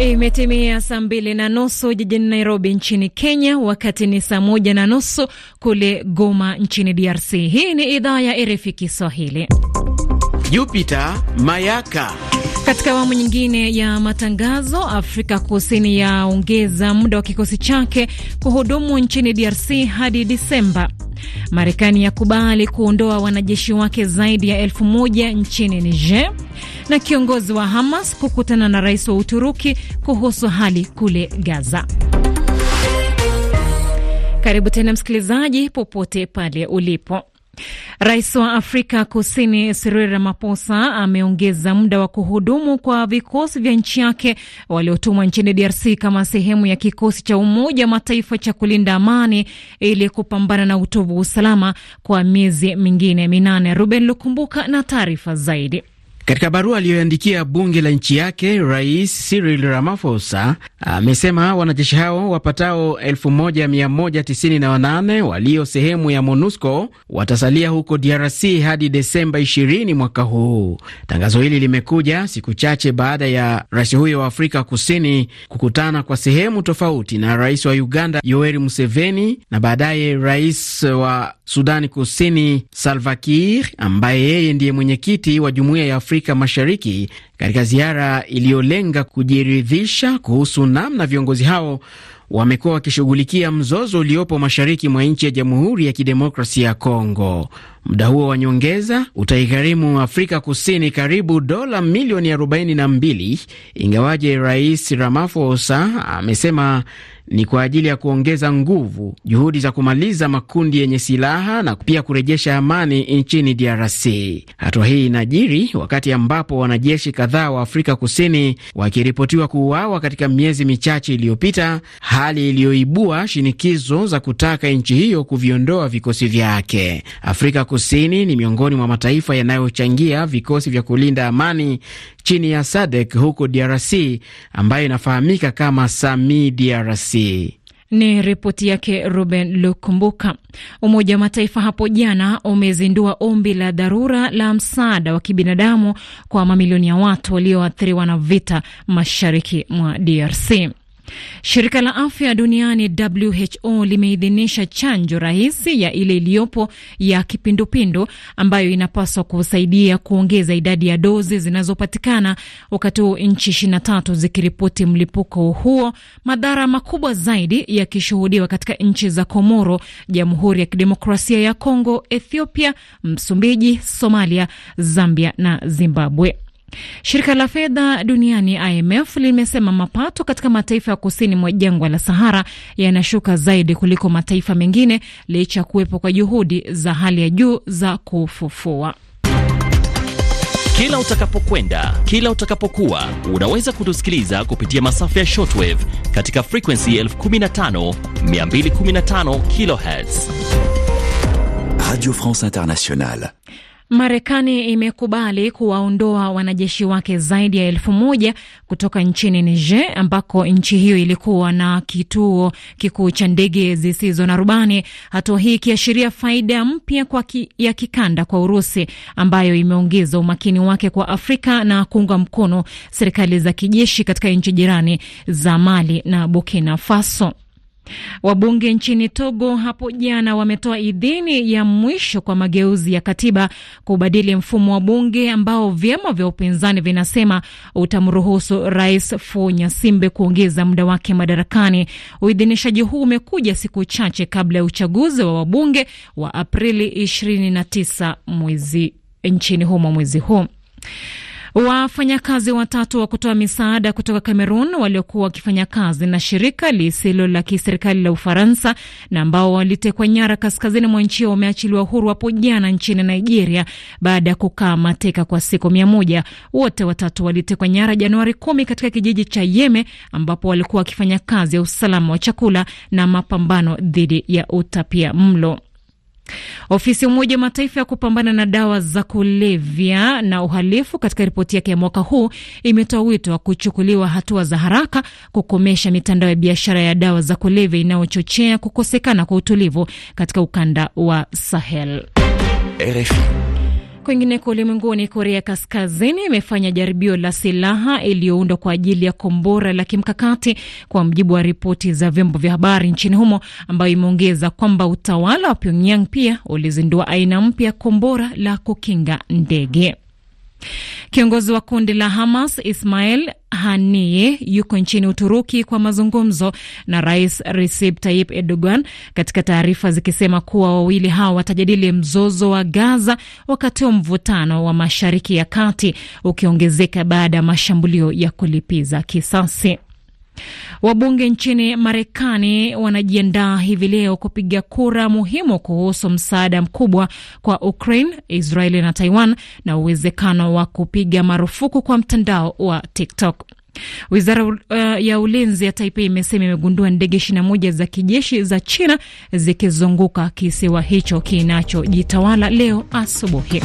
Imetimia saa mbili na nusu jijini Nairobi nchini Kenya, wakati ni saa moja na nusu kule Goma nchini DRC. Hii ni idhaa ya RFI Kiswahili. Jupiter Mayaka. Katika awamu nyingine ya matangazo, Afrika Kusini yaongeza muda wa kikosi chake kuhudumu nchini DRC hadi Disemba. Marekani yakubali kuondoa wanajeshi wake zaidi ya elfu moja nchini Niger, na kiongozi wa Hamas kukutana na rais wa Uturuki kuhusu hali kule Gaza. Karibu tena msikilizaji, popote pale ulipo. Rais wa Afrika Kusini Cyril Ramaphosa ameongeza muda wa kuhudumu kwa vikosi vya nchi yake waliotumwa nchini DRC kama sehemu ya kikosi cha Umoja wa Mataifa cha kulinda amani ili kupambana na utovu wa usalama kwa miezi mingine minane. Ruben Lukumbuka na taarifa zaidi. Katika barua aliyoandikia bunge la nchi yake, Rais Cyril Ramaphosa amesema wanajeshi hao wapatao 1198 walio sehemu ya MONUSCO watasalia huko DRC hadi Desemba 20 mwaka huu. Tangazo hili limekuja siku chache baada ya rais huyo wa Afrika Kusini kukutana kwa sehemu tofauti na rais wa Uganda Yoweri Museveni na baadaye rais wa Sudani Kusini Salva Kiir ambaye yeye ndiye mwenyekiti wa Jumuiya ya Afrika Afrika Mashariki katika ziara iliyolenga kujiridhisha kuhusu namna viongozi hao wamekuwa wakishughulikia mzozo uliopo mashariki mwa nchi ya Jamhuri ya Kidemokrasia ya Kongo. Muda huo wa nyongeza utaigharimu Afrika Kusini karibu dola milioni 42, ingawaje Rais Ramaphosa amesema ni kwa ajili ya kuongeza nguvu juhudi za kumaliza makundi yenye silaha na pia kurejesha amani nchini DRC. Hatua hii inajiri wakati ambapo wanajeshi kadhaa wa Afrika Kusini wakiripotiwa kuuawa katika miezi michache iliyopita, hali iliyoibua shinikizo za kutaka nchi hiyo kuviondoa vikosi vyake. Afrika Kusini ni miongoni mwa mataifa yanayochangia vikosi vya kulinda amani chini ya SADC huko DRC ambayo inafahamika kama SAMI DRC. Ni ripoti yake Ruben Lukumbuka. Umoja wa Mataifa hapo jana umezindua ombi la dharura la msaada wa kibinadamu kwa mamilioni ya watu walioathiriwa na vita mashariki mwa DRC. Shirika la afya duniani WHO limeidhinisha chanjo rahisi ya ile iliyopo ya kipindupindu ambayo inapaswa kusaidia kuongeza idadi ya dozi zinazopatikana, wakati huu nchi 23 zikiripoti mlipuko huo, madhara makubwa zaidi yakishuhudiwa katika nchi za Komoro, Jamhuri ya Kidemokrasia ya Kongo, Ethiopia, Msumbiji, Somalia, Zambia na Zimbabwe. Shirika la fedha duniani IMF limesema mapato katika mataifa ya kusini mwa jangwa la Sahara yanashuka zaidi kuliko mataifa mengine licha ya kuwepo kwa juhudi za hali ya juu za kufufua. Kila utakapokwenda, kila utakapokuwa, unaweza kutusikiliza kupitia masafa ya shortwave katika frequency 15215 kilohertz. Radio France Marekani imekubali kuwaondoa wanajeshi wake zaidi ya elfu moja kutoka nchini Niger ambako nchi hiyo ilikuwa na kituo kikuu cha ndege zisizo na rubani, hatua hii ikiashiria faida mpya ki, ya kikanda kwa Urusi ambayo imeongeza umakini wake kwa Afrika na kuunga mkono serikali za kijeshi katika nchi jirani za Mali na Burkina Faso. Wabunge nchini Togo hapo jana wametoa idhini ya mwisho kwa mageuzi ya katiba kubadili mfumo wa bunge ambao vyama vya upinzani vinasema utamruhusu Rais Faure Nyasimbe kuongeza muda wake madarakani. Uidhinishaji huu umekuja siku chache kabla ya uchaguzi wa wabunge wa Aprili 29 mwezi nchini humo mwezi huu. Wafanyakazi watatu wa kutoa misaada kutoka Cameroon waliokuwa wakifanya kazi na shirika lisilo la kiserikali la Ufaransa na ambao walitekwa nyara kaskazini mwa nchi hiyo wameachiliwa huru hapo jana nchini Nigeria baada ya kukaa mateka kwa siku mia moja. Wote watatu walitekwa nyara Januari kumi katika kijiji cha Yeme ambapo walikuwa wakifanya kazi ya usalama wa chakula na mapambano dhidi ya utapia mlo. Ofisi ya Umoja wa Mataifa ya kupambana na dawa za kulevya na uhalifu katika ripoti yake ya mwaka huu imetoa wito wa kuchukuliwa hatua za haraka kukomesha mitandao ya biashara ya dawa za kulevya inayochochea kukosekana kwa utulivu katika ukanda wa Sahel. RFI. Kwingineko ulimwenguni, Korea Kaskazini imefanya jaribio la silaha iliyoundwa kwa ajili ya kombora la kimkakati, kwa mujibu wa ripoti za vyombo vya habari nchini humo, ambayo imeongeza kwamba utawala wa Pyongyang pia ulizindua aina mpya kombora la kukinga ndege. Kiongozi wa kundi la Hamas Ismail Haniyeh yuko nchini Uturuki kwa mazungumzo na Rais Recep Tayyip Erdogan, katika taarifa zikisema kuwa wawili hao watajadili mzozo wa Gaza wakati wa mvutano wa Mashariki ya Kati ukiongezeka baada ya mashambulio ya kulipiza kisasi. Wabunge nchini Marekani wanajiandaa hivi leo kupiga kura muhimu kuhusu msaada mkubwa kwa Ukraine, Israeli na Taiwan na uwezekano wa kupiga marufuku kwa mtandao wa TikTok. Wizara uh, ya ulinzi ya Taipei imesema imegundua ndege 21 za kijeshi za China zikizunguka kisiwa hicho kinachojitawala leo asubuhi.